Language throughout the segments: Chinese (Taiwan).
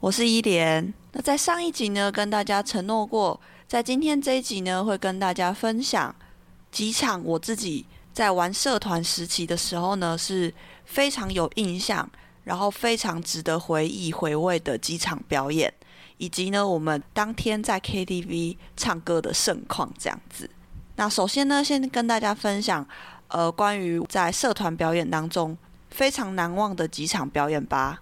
我是伊蓮。那在上一集呢，跟大家承諾過，在今天這一集呢，會跟大家分享幾場我自己在玩社團時期的時候呢，是非常有印象，然後非常值得回憶回味的幾場表演，以及呢，我們當天在 KTV 唱歌的盛況這樣子。那首先呢，先跟大家分享，呃，關於在社團表演當中非常難忘的幾場表演吧。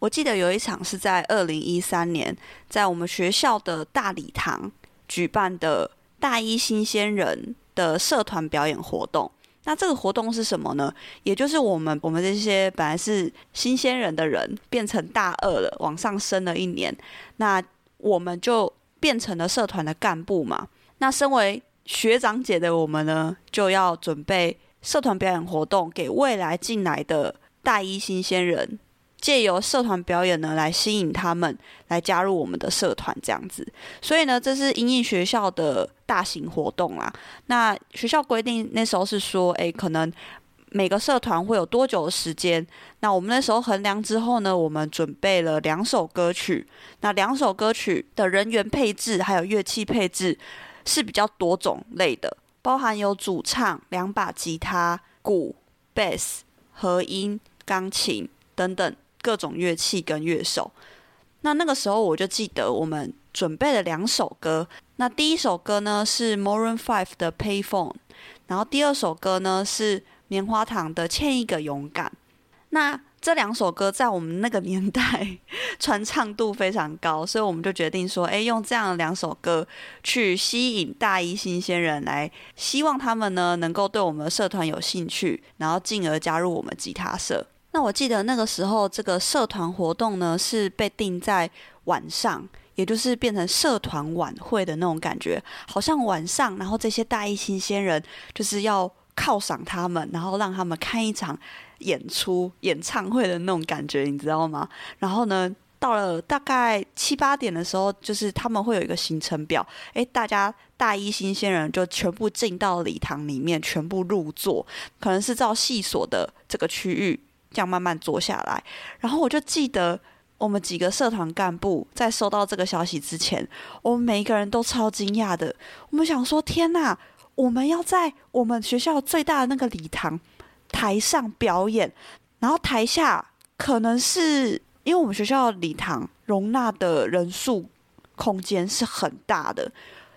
我記得有一場是在二零一三年，在我們學校的大禮堂舉辦的，大一新鮮人的社團表演活動。那這個活動是什麼呢？也就是我們我們這些本來是新鮮人的人，變成大二了，往上升了一年，那我們就變成了社團的幹部嘛。那身為學長姐的我們呢，就要準備社團表演活動，給未來進來的大一新鮮人。借由社團表演呢，來吸引他們來加入我們的社團這樣子。所以呢，這是因應學校的大型活動啦。那學校規定那時候是說，誒、欸，可能每個社團會有多久的時間？那我們那時候衡量之後呢，我們準備了兩首歌曲。那兩首歌曲的人員配置還有樂器配置是比較多種類的，包含有主唱、兩把吉他、鼓、bass、和音、鋼琴等等。各種樂器跟樂手，那那個時候我就記得我們準備了兩首歌，那第一首歌呢是 Maroon 5的 Payphone，然後第二首歌呢是棉花糖的欠一個勇敢。那這兩首歌在我們那個年代傳唱度非常高，所以我們就決定說，誒，用這樣的兩首歌去吸引大一新鮮人來，來希望他們呢能夠對我們的社團有興趣，然後進而加入我們吉他社。那我記得那個時候，這個社團活動呢是被定在晚上，也就是變成社團晚會的那種感覺。好像晚上，然後這些大一新鮮人就是要犒賞他們，然後讓他們看一場演出、演唱會的那種感覺，你知道嗎？然後呢，到了大概七八點的時候，就是他們會有一個行程表。誒、欸，大家大一新鮮人就全部進到禮堂裡面，全部入座，可能是照系所的這個區域。這樣慢慢做下來，然後我就記得我們幾個社團幹部在收到這個消息之前，我們每一個人都超驚訝的。我們想說：“天哪，我們要在我們學校最大的那個禮堂台上表演，然後台下可能是因為我們學校禮堂容納的人數空間是很大的，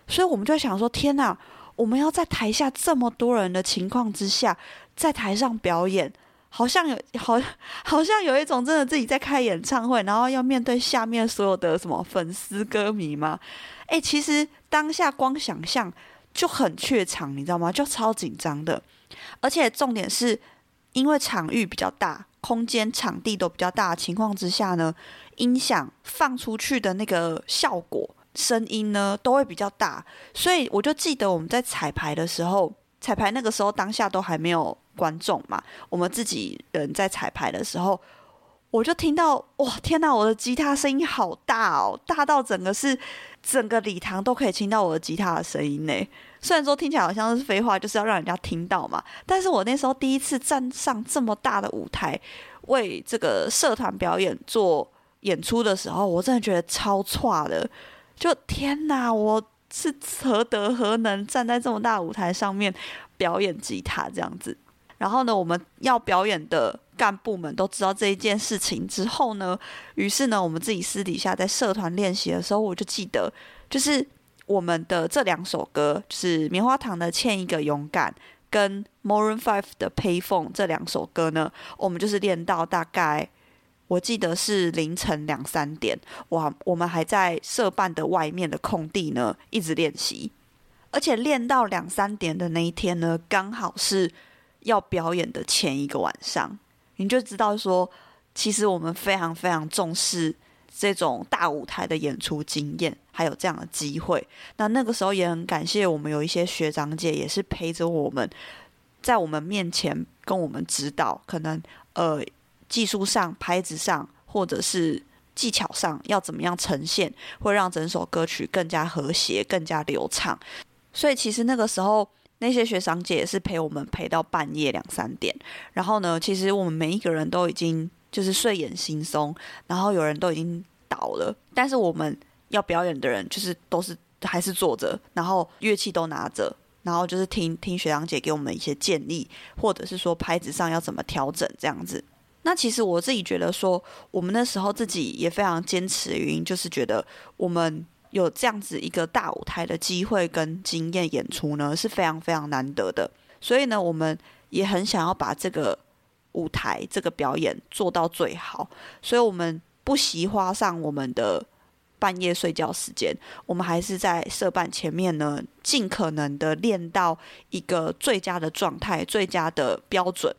所以我們就想說：天哪，我們要在台下這麼多人的情況之下，在台上表演。”好像有好，好像有一種真的自己在開演唱會，然後要面對下面所有的什麼粉絲歌迷嗎？誒、欸，其實當下光想象就很怯場，你知道嗎？就超緊張的。而且重點是，因為場域比較大，空間場地都比較大的情況之下呢，音響放出去的那個效果，聲音呢都會比較大。所以我就記得我們在彩排的時候。彩排那個時候，當下都還沒有觀眾嘛，我們自己人在彩排的時候，我就聽到哇，天哪，我的吉他聲音好大哦，大到整個是整個禮堂都可以聽到我的吉他的聲音呢。雖然說聽起來好像是廢話，就是要讓人家聽到嘛。但是我那時候第一次站上這麼大的舞台，為這個社團表演做演出的時候，我真的覺得超差的，就天哪，我。是何德何能站在這麼大舞台上面表演吉他這樣子，然後呢，我們要表演的幹部們都知道這一件事情之後呢，於是呢，我們自己私底下在社團練習的時候，我就記得，就是我們的這兩首歌，就是棉花糖的《欠一個勇敢》跟 Maroon 5的《Payphone》這兩首歌呢，我們就是練到大概。我記得是凌晨兩三點，哇，我們還在社辦的外面的空地呢，一直練習，而且練到兩三點的那一天呢，剛好是要表演的前一個晚上，你就知道說，其實我們非常非常重視這種大舞台的演出經驗，還有這樣的機會。那那個時候也很感謝我們有一些學長姐也是陪着我們，在我們面前跟我們指導，可能呃。技術上、拍子上，或者是技巧上，要怎麼樣呈現，會讓整首歌曲更加和諧、更加流暢。所以，其實那個時候，那些學長姐也是陪我們陪到半夜兩三點。然後呢，其實我們每一個人都已經就是睡眼惺忪，然後有人都已經倒了，但是我們要表演的人就是都是還是坐着，然後樂器都拿着，然後就是聽聽學長姐給我們一些建議，或者是說拍子上要怎麼調整這樣子。那其實我自己覺得說，說我們那時候自己也非常堅持的原因，就是覺得我們有這樣子一個大舞台的機會跟經驗演出呢，是非常非常難得的。所以呢，我們也很想要把這個舞台、這個表演做到最好。所以我們不惜花上我們的半夜睡覺時間，我們還是在社辦前面呢，盡可能的練到一個最佳的狀態、最佳的標準。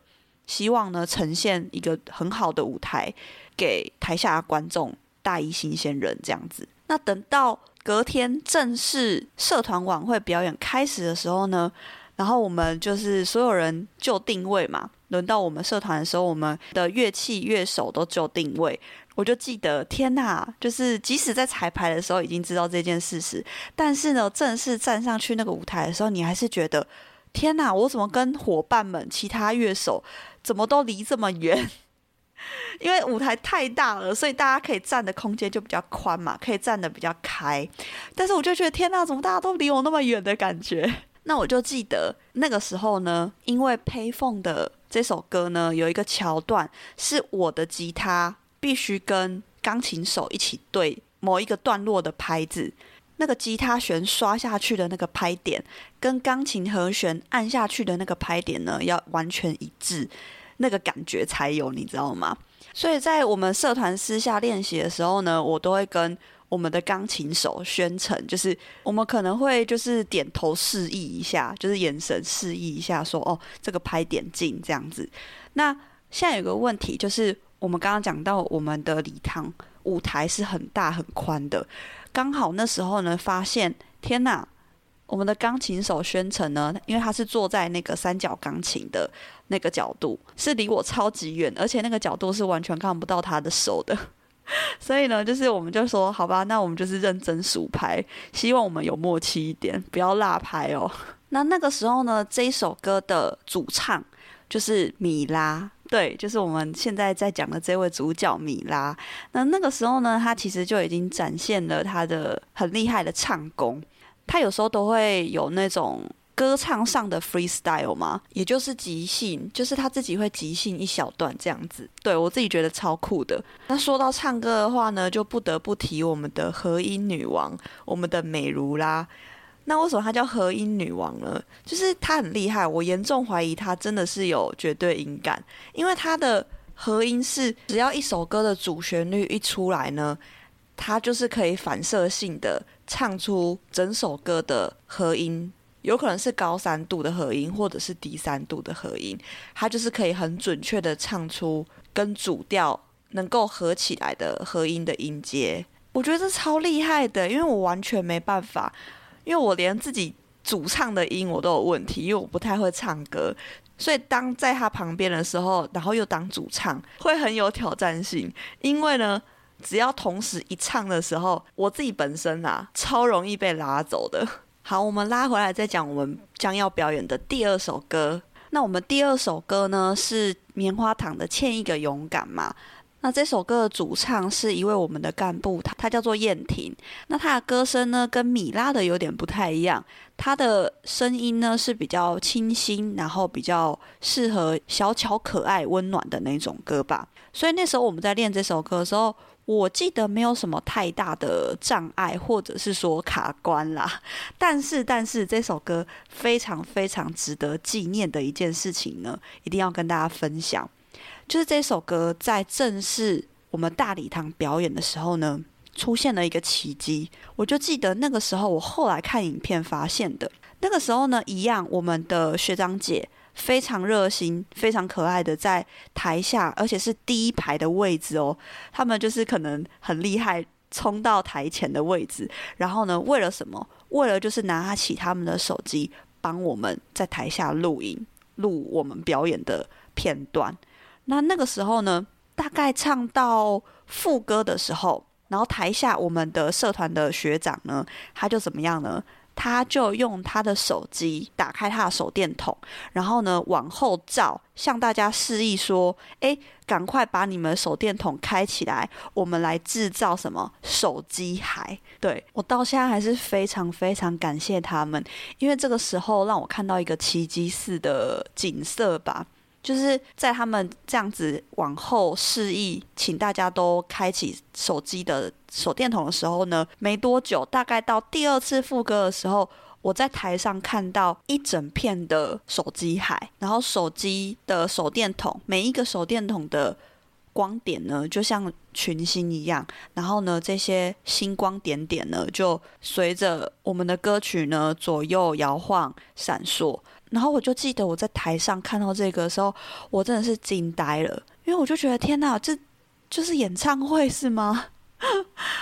希望呢，呈現一個很好的舞台給台下的觀眾，大一新鮮人這樣子。那等到隔天正式社團晚會表演開始的時候呢，然後我們就是所有人就定位嘛。輪到我們社團的時候，我們的樂器樂手都就定位。我就記得，天哪，就是即使在彩排的時候已經知道這件事實，但是呢，正式站上去那個舞台的時候，你還是覺得。天吶，我怎麼跟夥伴們、其他樂手，怎麼都離這麼遠？ 因為舞台太大了，所以大家可以站的空間就比較寬嘛，可以站的比較開。但是我就覺得天吶，怎麼大家都離我那麼遠的感覺？ 那我就記得那個時候呢，因為 Payphone 的這首歌呢，有一個橋段，是我的吉他必須跟鋼琴手一起對某一個段落的拍子。那個吉他絃刷下去的那個拍點，跟鋼琴和絃按下去的那個拍點呢，要完全一致，那個感覺才有，你知道嗎？所以在我們社團私下練習的時候呢，我都會跟我們的鋼琴手宣稱，就是我們可能會就是點頭示意一下，就是眼神示意一下，說哦，這個拍點進這樣子。那現在有個問題，就是我們剛剛講到我們的禮堂舞台是很大很寬的。剛好那時候呢，發現天哪、啊，我們的鋼琴手宣城呢，因為他是坐在那個三角鋼琴的那個角度，是離我超級遠，而且那個角度是完全看不到他的手的。 所以呢，就是我們就說，好吧，那我們就是認真數拍，希望我們有默契一點，不要落拍哦。 那那個時候呢，這一首歌的主唱。就是米拉，對，就是我們現在在講的這位主角米拉。那那個時候呢，她其實就已經展現了她的很厲害的唱功。她有時候都會有那種歌唱上的 freestyle 嘛，也就是即興，就是她自己會即興一小段這樣子。對，我自己覺得超酷的。那說到唱歌的話呢，就不得不提我們的合音女王，我們的美如啦。那為什麼她叫合音女王呢？就是她很厲害，我嚴重懷疑她真的是有絕對音感，因為她的合音是只要一首歌的主旋律一出來呢，她就是可以反射性的唱出整首歌的合音，有可能是高三度的合音，或者是低三度的合音，她就是可以很準確的唱出跟主調能夠合起來的合音的音階。我覺得這超厲害的，因為我完全沒辦法。因為我連自己主唱的音我都有問題，因為我不太會唱歌，所以當在他旁邊的時候，然後又當主唱，會很有挑戰性。因為呢，只要同時一唱的時候，我自己本身啊，超容易被拉走的。好，我們拉回來再講我們將要表演的第二首歌。那我們第二首歌呢，是棉花糖的《欠一個勇敢》嘛。那這首歌的主唱是一位我們的幹部，他他叫做燕婷。那他的歌聲呢，跟米拉的有點不太一樣。他的聲音呢，是比較清新，然後比較適合小巧可愛、溫暖的那種歌吧。所以那時候我們在練這首歌的時候，我記得沒有什麼太大的障礙，或者是說卡關啦。但是，但是這首歌非常非常值得紀念的一件事情呢，一定要跟大家分享。就是這首歌在正式我們大禮堂表演的時候呢，出現了一個奇蹟。我就記得那個時候，我後來看影片發現的。那個時候呢，一樣，我們的學長姐非常熱心、非常可愛的在台下，而且是第一排的位置哦。他們就是可能很厲害，衝到台前的位置，然後呢，為了什麼？為了就是拿起他們的手機，幫我們在台下錄影，錄我們表演的片段。那那個時候呢，大概唱到副歌的時候，然後台下我們的社團的學長呢，他就怎麼樣呢？他就用他的手機打開他的手電筒，然後呢往後照，向大家示意說：“誒，趕快把你們手電筒開起來，我們來制造什麼？手機海。”對，我到現在還是非常非常感謝他們，因為這個時候讓我看到一個奇蹟似的景色吧。就是在他們這樣子往後示意，請大家都開啟手機的手電筒的時候呢，沒多久，大概到第二次副歌的時候，我在台上看到一整片的手機海，然後手機的手電筒，每一個手電筒的光點呢，就像群星一樣，然後呢，這些星光點點呢，就隨着我們的歌曲呢，左右搖晃閃爍。然後我就記得我在台上看到這個的時候，我真的是驚呆了，因為我就覺得天哪，這就是演唱會是嗎？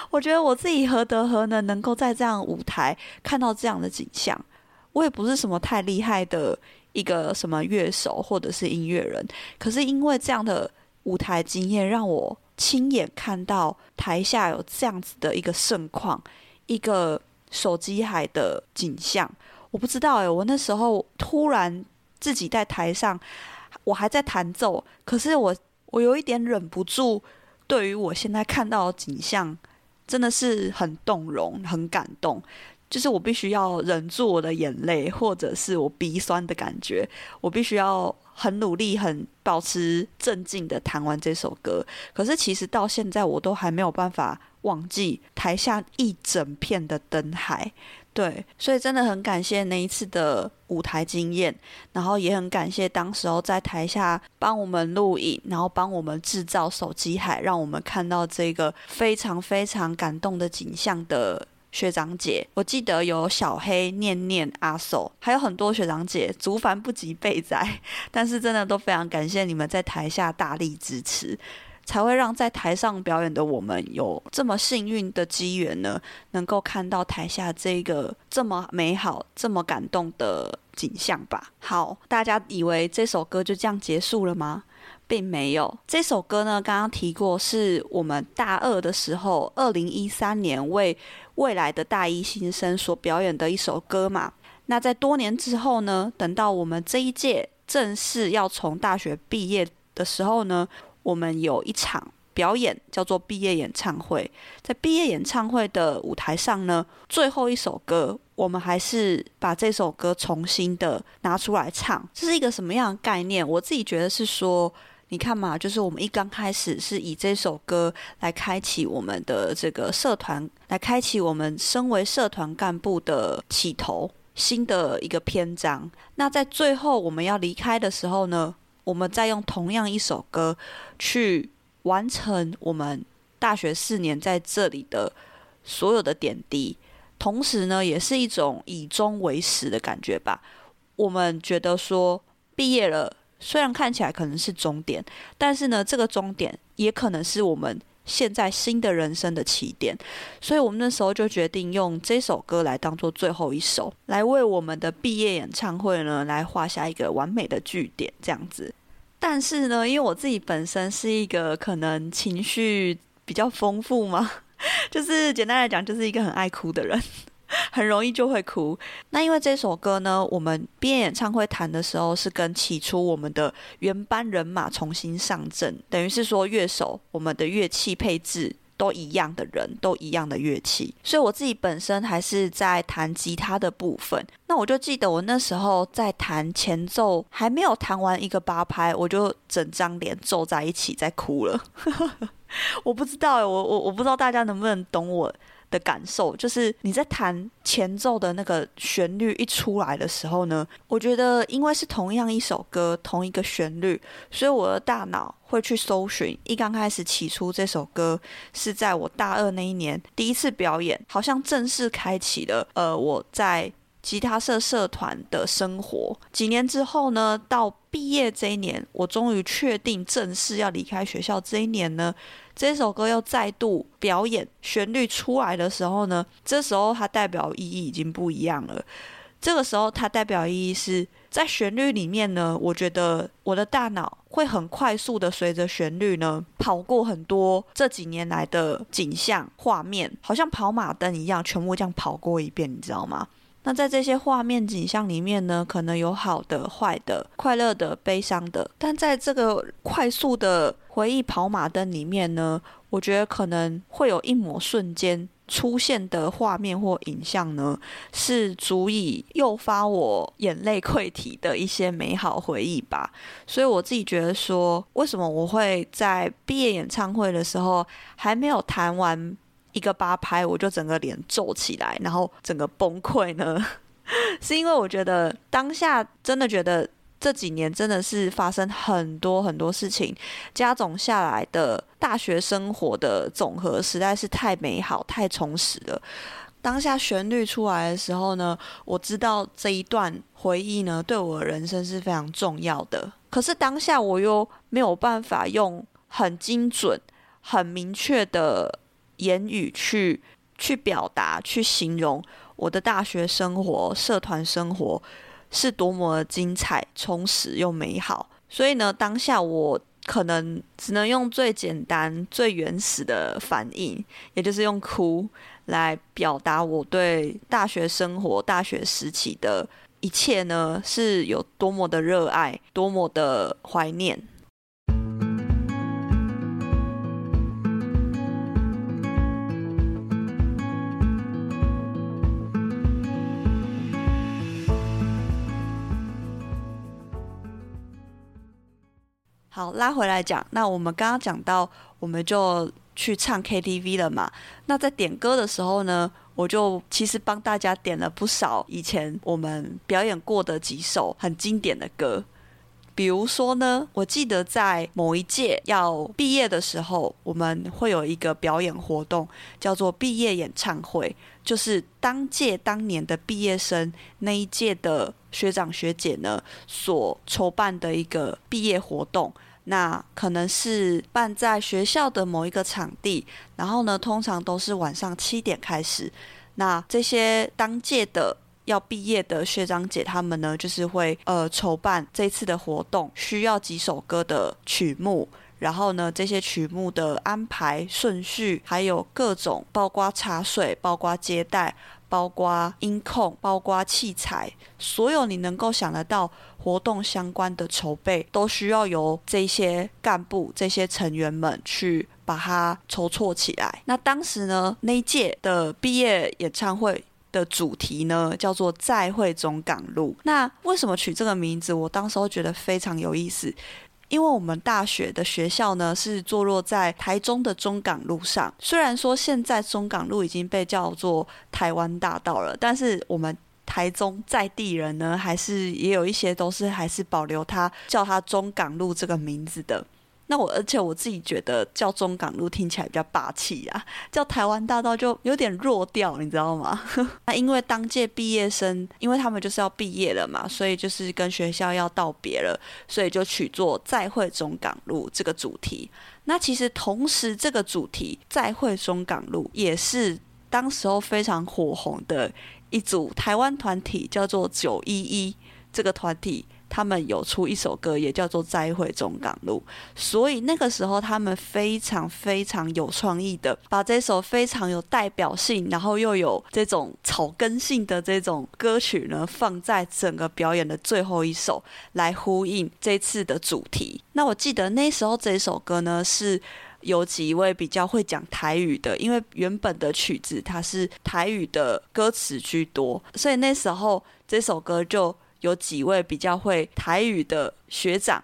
我覺得我自己何德何能，能夠在這樣舞台看到這樣的景象？我也不是什麼太厲害的一個什麼樂手或者是音樂人，可是因為這樣的舞台經驗，讓我親眼看到台下有這樣子的一個盛況，一個手機海的景象。我不知道誒，我那時候突然自己在台上，我還在彈奏，可是我我有一點忍不住，對於我現在看到的景象，真的是很動容、很感動，就是我必須要忍住我的眼淚，或者是我鼻酸的感覺，我必須要很努力、很保持鎮靜的彈完這首歌。可是其實到現在，我都還沒有辦法忘記台下一整片的燈海。對，所以真的很感謝那一次的舞台經驗，然後也很感謝當時候在台下幫我們錄影，然後幫我們製造手機海，讓我們看到這個非常非常感動的景象的學長姐。我記得有小黑、念念、阿壽，還有很多學長姐，族繁不及備載。但是真的都非常感謝你們在台下大力支持。才會讓在台上表演的我們有這麼幸運的機緣呢，能夠看到台下這個這麼美好、這麼感動的景象吧。好，大家以為這首歌就這樣結束了嗎？並沒有，這首歌呢，剛剛提過是我們大二的時候，二零一三年為未來的大一新生所表演的一首歌嘛。那在多年之後呢，等到我們這一屆正式要從大學畢業的時候呢。我們有一場表演叫做畢業演唱會，在畢業演唱會的舞台上呢，最後一首歌，我們還是把這首歌重新的拿出來唱。這是一個什麼樣的概念？我自己覺得是說，你看嘛，就是我們一剛開始是以這首歌來開啟我們的這個社團，來開啟我們身為社團幹部的起頭，新的一個篇章。那在最後我們要離開的時候呢？我們再用同樣一首歌去完成我們大學四年在這裡的所有的點滴，同時呢，也是一種以終為始的感覺吧。我們覺得說畢業了，雖然看起來可能是終點，但是呢，這個終點也可能是我們。現在新的人生的起點，所以我們那時候就決定用這首歌來當做最後一首，來為我們的畢業演唱會呢來畫下一個完美的句點，這樣子。但是呢，因為我自己本身是一個可能情緒比較豐富嘛，就是簡單來講，就是一個很愛哭的人。很容易就會哭。那因為這首歌呢，我們畢業演唱會彈的時候是跟起初我們的原班人馬重新上陣，等於是說樂手我們的樂器配置都一樣的人，都一樣的樂器。所以我自己本身還是在彈吉他的部分。那我就記得我那時候在彈前奏，還沒有彈完一個八拍，我就整張臉皺在一起在哭了。 我不知道耶，我我我不知道大家能不能懂我。的感受就是，你在彈前奏的那個旋律一出來的時候呢，我覺得因為是同樣一首歌，同一個旋律，所以我的大腦會去搜尋。一剛開始，起初這首歌是在我大二那一年第一次表演，好像正式開啟了，呃，我在。吉他社社團的生活，幾年之後呢，到畢業這一年，我終於確定正式要離開學校這一年呢。這首歌又再度表演，旋律出來的時候呢，這時候它代表意義已經不一樣了。這個時候它代表意義是在旋律裡面呢，我覺得我的大腦會很快速的隨着旋律呢跑過很多這幾年來的景象、畫面，好像跑馬燈一樣，全部這樣跑過一遍，你知道嗎？那在這些畫面景象裡面呢，可能有好的、壞的、快樂的、悲傷的。但在這個快速的回憶跑馬燈裡面呢，我覺得可能會有一抹瞬間出現的畫面或影像呢，是足以誘發我眼淚潰堤的一些美好回憶吧。所以我自己覺得說，為什麼我會在畢業演唱會的時候還沒有彈完，一個八拍，我就整個臉皺起來，然後整個崩潰呢，是因為我覺得當下真的覺得這幾年真的是發生很多很多事情，加總下來的大學生活的總和實在是太美好、太充實了。當下旋律出來的時候呢，我知道這一段回憶呢對我的人生是非常重要的，可是當下我又沒有辦法用很精準、很明確的。言語去去表達、去形容我的大學生活、社團生活是多麼的精彩、充實又美好。所以呢，當下我可能只能用最簡單、最原始的反應，也就是用哭來表達我對大學生活、大學時期的一切呢，是有多麼的熱愛、多麼的懷念。好，拉回來講，那我們剛剛講到，我們就去唱 KTV 了嘛。那在點歌的時候呢，我就其實幫大家點了不少以前我們表演過的幾首很經典的歌。比如說呢，我記得在某一屆要畢業的時候，我們會有一個表演活動，叫做畢業演唱會，就是當屆當年的畢業生那一屆的學長學姐呢所籌辦的一個畢業活動。那可能是辦在學校的某一個場地，然後呢，通常都是晚上七點開始。那這些當屆的要畢業的學長姐他們呢，就是會呃籌辦這次的活動，需要幾首歌的曲目，然後呢，這些曲目的安排順序，還有各種包括茶水、包括接待、包括音控、包括器材，所有你能夠想得到，活動相關的籌備都需要由這些幹部、這些成員們去把它籌措起來。那當時呢，那一屆的畢業演唱會的主題呢，叫做“再會中港路”。那為什麼取這個名字？我當時會覺得非常有意思，因為我們大學的學校呢是坐落在台中的中港路上。雖然說現在中港路已經被叫做台灣大道了，但是我們。台中在地人呢，還是也有一些都是還是保留他叫他中港路這個名字的。那我而且我自己覺得叫中港路聽起來比較霸氣啊，叫台灣大道就有點弱掉，你知道嗎？ 那因為當屆畢業生，因為他們就是要畢業了嘛，所以就是跟學校要道別了，所以就取作“再會中港路”這個主題。那其實同時這個主題“再會中港路”也是當時候非常火紅的。一組台灣團體叫做九一一，這個團體他們有出一首歌，也叫做《再會中港路》。所以那個時候，他們非常非常有創意的，把這首非常有代表性，然後又有這種草根性的這種歌曲呢，放在整個表演的最後一首，來呼應這次的主題。那我記得那時候這首歌呢是。有幾位比較會講台語的，因為原本的曲子，它是台語的歌詞居多，所以那時候這首歌就有幾位比較會台語的學長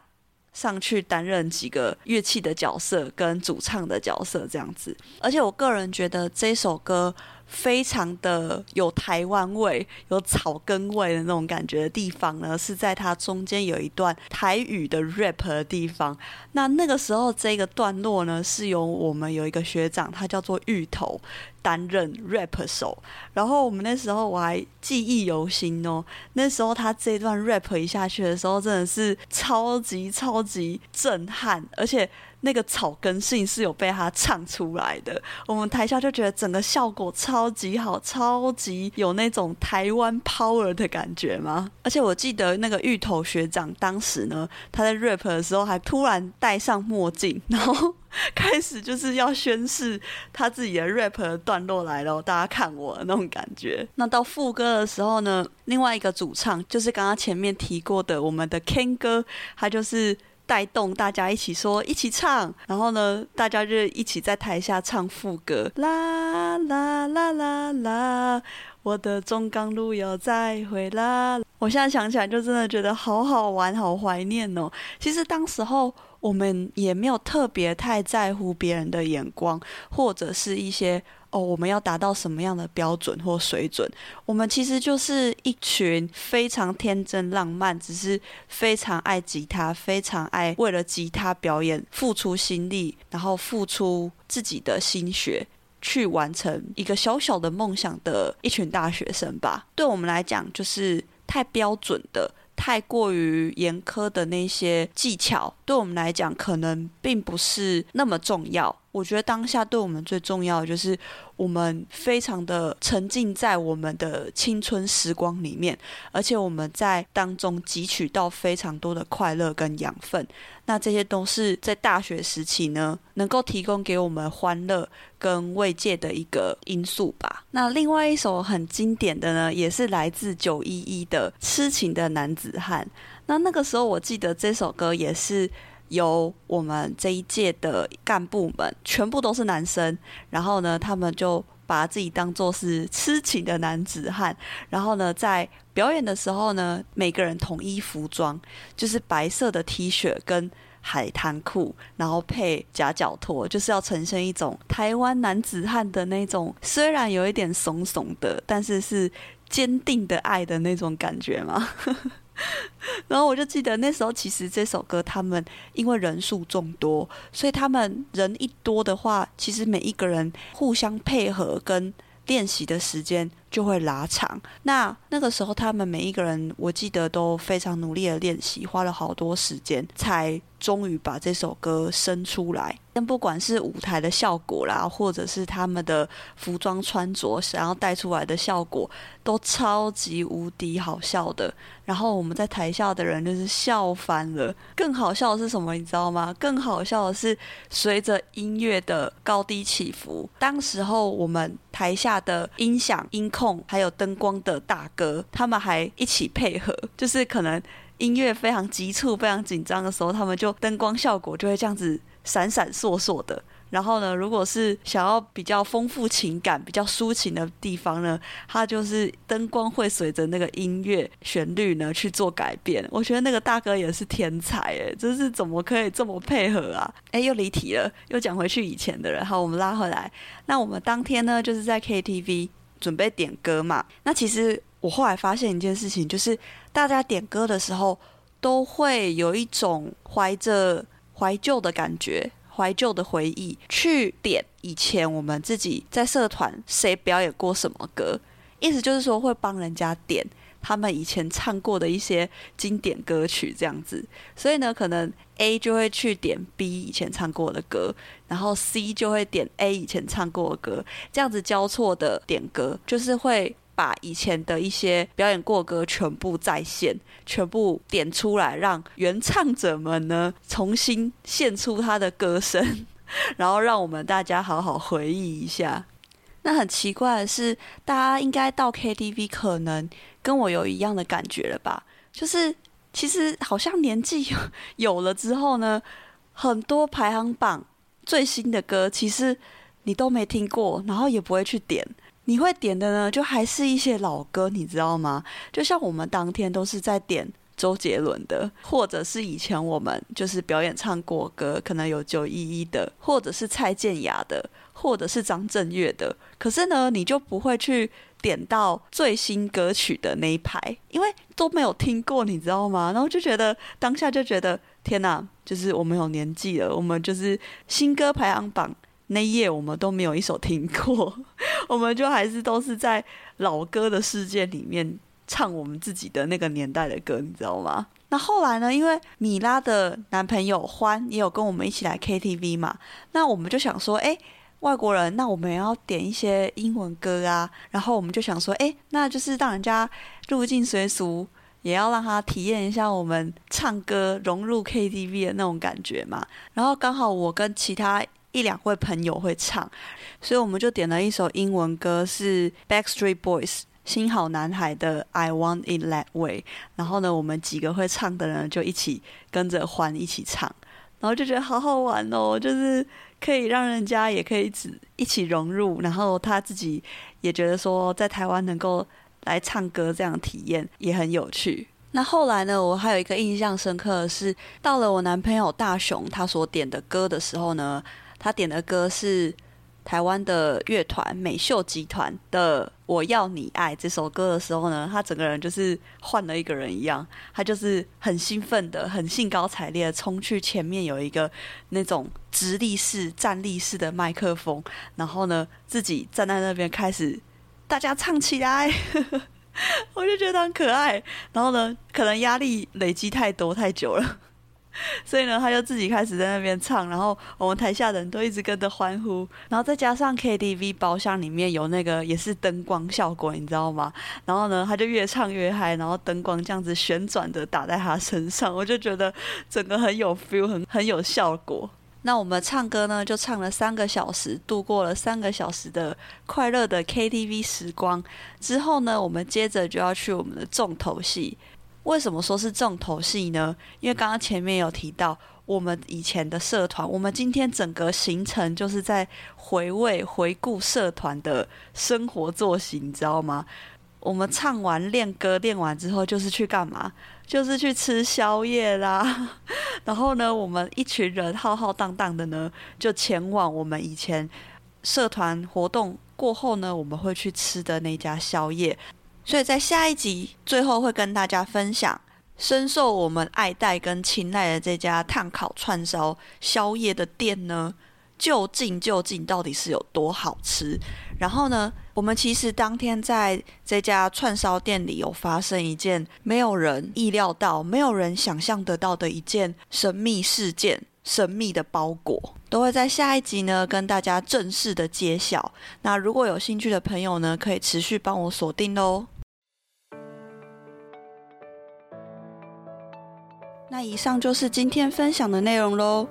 上去擔任幾個樂器的角色跟主唱的角色這樣子。而且我個人覺得這首歌。非常的有台灣味、有草根味的那種感覺的地方呢，是在它中間有一段台語的 rap 的地方。那那個時候這個段落呢，是由我們有一個學長，他叫做芋頭擔任 rap 手。然後我們那時候我還記憶猶新哦，那時候他這一段 rap 一下去的時候，真的是超級超級震撼，而且。那個草根性是有被他唱出來的，我們台下就覺得整個效果超級好，超級有那種台灣 power 的感覺嘛。而且我記得那個芋頭學長當時呢，他在 rap 的時候還突然戴上墨鏡，然後開始就是要宣示他自己的 rap 的段落來了，大家看我的那種感覺。那到副歌的時候呢，另外一個主唱就是剛剛前面提過的我們的 Ken 哥，他就是。帶動大家一起說，一起唱，然後呢，大家就一起在台下唱副歌，啦啦啦啦啦，我的中港路又再回啦。我現在想起來就真的覺得好好玩，好懷念哦。其實當時候我們也沒有特別太在乎別人的眼光，或者是一些。哦，我們要達到什麼樣的標準或水準？我們其實就是一群非常天真浪漫，只是非常愛吉他，非常愛為了吉他表演付出心力，然後付出自己的心血去完成一個小小的夢想的一群大學生吧。對我們來講，就是太標準的、太過於嚴苛的那些技巧，對我們來講可能並不是那麼重要。我覺得當下對我們最重要的就是，我們非常的沉浸在我們的青春時光裡面，而且我們在當中汲取到非常多的快樂跟養分。那這些都是在大學時期呢，能夠提供給我們歡樂跟慰藉的一個因素吧。那另外一首很經典的呢，也是來自九一一的《痴情的男子漢》。那那個時候我記得這首歌也是。由我們這一屆的幹部們全部都是男生，然後呢，他們就把自己當做是癡情的男子漢，然後呢，在表演的時候呢，每個人統一服裝，就是白色的 T 恤跟海灘褲，然後配夾腳拖，就是要呈現一種台灣男子漢的那種，雖然有一點慫慫的，但是是堅定的愛的那種感覺嘛， 然後我就記得那時候，其實這首歌他們因為人數眾多，所以他們人一多的話，其實每一個人互相配合跟練習的時間就會拉長。那那個時候他們每一個人，我記得都非常努力的練習，花了好多時間，才終於把這首歌生出來。但不管是舞台的效果啦，或者是他們的服裝穿着，想要帶出來的效果都超級無敵好笑的。然後我們在台下的人就是笑翻了。更好笑的是什麼？你知道嗎？更好笑的是，隨着音樂的高低起伏，當時候我們台下的音響、音控還有燈光的大哥，他們還一起配合，就是可能音樂非常急促、非常緊張的時候，他們就燈光效果就會這樣子。閃閃爍爍的，然後呢，如果是想要比較豐富情感、比較抒情的地方呢，它就是燈光會隨着那個音樂旋律呢去做改變。我覺得那個大哥也是天才，誒，就是怎麼可以這麼配合啊？哎，又離題了，又講回去以前的人。好，我們拉回來。那我們當天呢，就是在 KTV 準備點歌嘛。那其實我後來發現一件事情，就是大家點歌的時候都會有一種懷着。懷舊的感覺，懷舊的回憶，去點以前我們自己在社團誰表演過什麼歌，意思就是說會幫人家點他們以前唱過的一些經典歌曲這樣子。所以呢，可能 A 就會去點 B 以前唱過的歌，然後 C 就會點 A 以前唱過的歌，這樣子交錯的點歌，就是會，把以前的一些表演過歌全部再現，全部點出來，讓原唱者們呢重新獻出他的歌聲，然後讓我們大家好好回憶一下。那很奇怪的是，大家應該到 KTV 可能跟我有一樣的感覺了吧？就是其實好像年紀有了之後呢，很多排行榜最新的歌其實你都沒聽過，然後也不會去點。你會點的呢，就還是一些老歌，你知道嗎？就像我們當天都是在點周杰倫的，或者是以前我們就是表演唱過歌，可能有九一一的，或者是蔡健雅的，或者是張震岳的。可是呢，你就不會去點到最新歌曲的那一排，因為都沒有聽過，你知道嗎？然後就覺得當下就覺得天哪，就是我們有年紀了，我們就是新歌排行榜。那一夜我們都沒有一首聽過， 我們就還是都是在老歌的世界裡面唱我們自己的那個年代的歌，你知道嗎？那後來呢？因為米拉的男朋友歡也有跟我們一起來 KTV 嘛，那我們就想說，哎、欸，外國人，那我們要點一些英文歌啊。然後我們就想說，哎、欸，那就是讓人家入境隨俗，也要讓他體驗一下我們唱歌融入 KTV 的那種感覺嘛。然後剛好我跟其他一兩位朋友會唱，所以我們就點了一首英文歌，是 Backstreet Boys 新好男孩的 I Want It That Way。然後呢，我們幾個會唱的人就一起跟着歡，一起唱，然後就覺得好好玩哦，就是可以讓人家也可以一起融入，然後他自己也覺得說，在台灣能夠來唱歌這樣的體驗也很有趣。那後來呢，我還有一個印象深刻的是，到了我男朋友大雄他所點的歌的時候呢。他點的歌是台灣的樂團美秀集團的《我要你愛》這首歌的時候呢，他整個人就是換了一個人一樣，他就是很興奮的、很興高采烈的衝去前面有一個那種直立式、站立式的麥克風，然後呢自己站在那邊開始大家唱起來， 我就覺得很可愛。然後呢，可能壓力累積太多太久了。所以呢，他就自己開始在那邊唱，然後我們台下的人都一直跟着歡呼，然後再加上 KTV 包廂裡面有那個也是燈光效果，你知道嗎？然後呢，他就越唱越嗨，然後燈光這樣子旋轉的打在他身上，我就覺得整個很有 feel，很很有效果。那我們唱歌呢，就唱了三個小時，度過了三個小時的快樂的 KTV 時光。之後呢，我們接着就要去我們的重頭戲。為什麼說是重頭戲呢？因為剛剛前面有提到，我們以前的社團，我們今天整個行程就是在回味、回顧社團的生活作息，你知道嗎？我們唱完練歌，練完之後就是去幹嘛？就是去吃宵夜啦。 然後呢，我們一群人浩浩蕩蕩的呢，就前往我們以前社團活動過後呢，我們會去吃的那家宵夜。所以在下一集最後會跟大家分享深受我們愛戴跟青睞的這家碳烤串燒宵夜的店呢，究竟究竟到底是有多好吃？然後呢，我們其實當天在這家串燒店裡有發生一件沒有人意料到、沒有人想象得到的一件神秘事件，神秘的包裹都會在下一集呢跟大家正式的揭曉。那如果有興趣的朋友呢，可以持續幫我鎖定哦。那以上就是今天分享的內容嘍。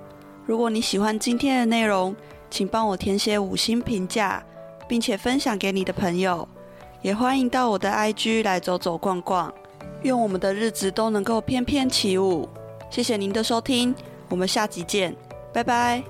如果你喜歡今天的內容，請幫我填寫五星評價，並且分享給你的朋友。也歡迎到我的 IG 來走走逛逛，願我們的日子都能夠翩翩起舞。謝謝您的收聽，我們下集見，拜拜。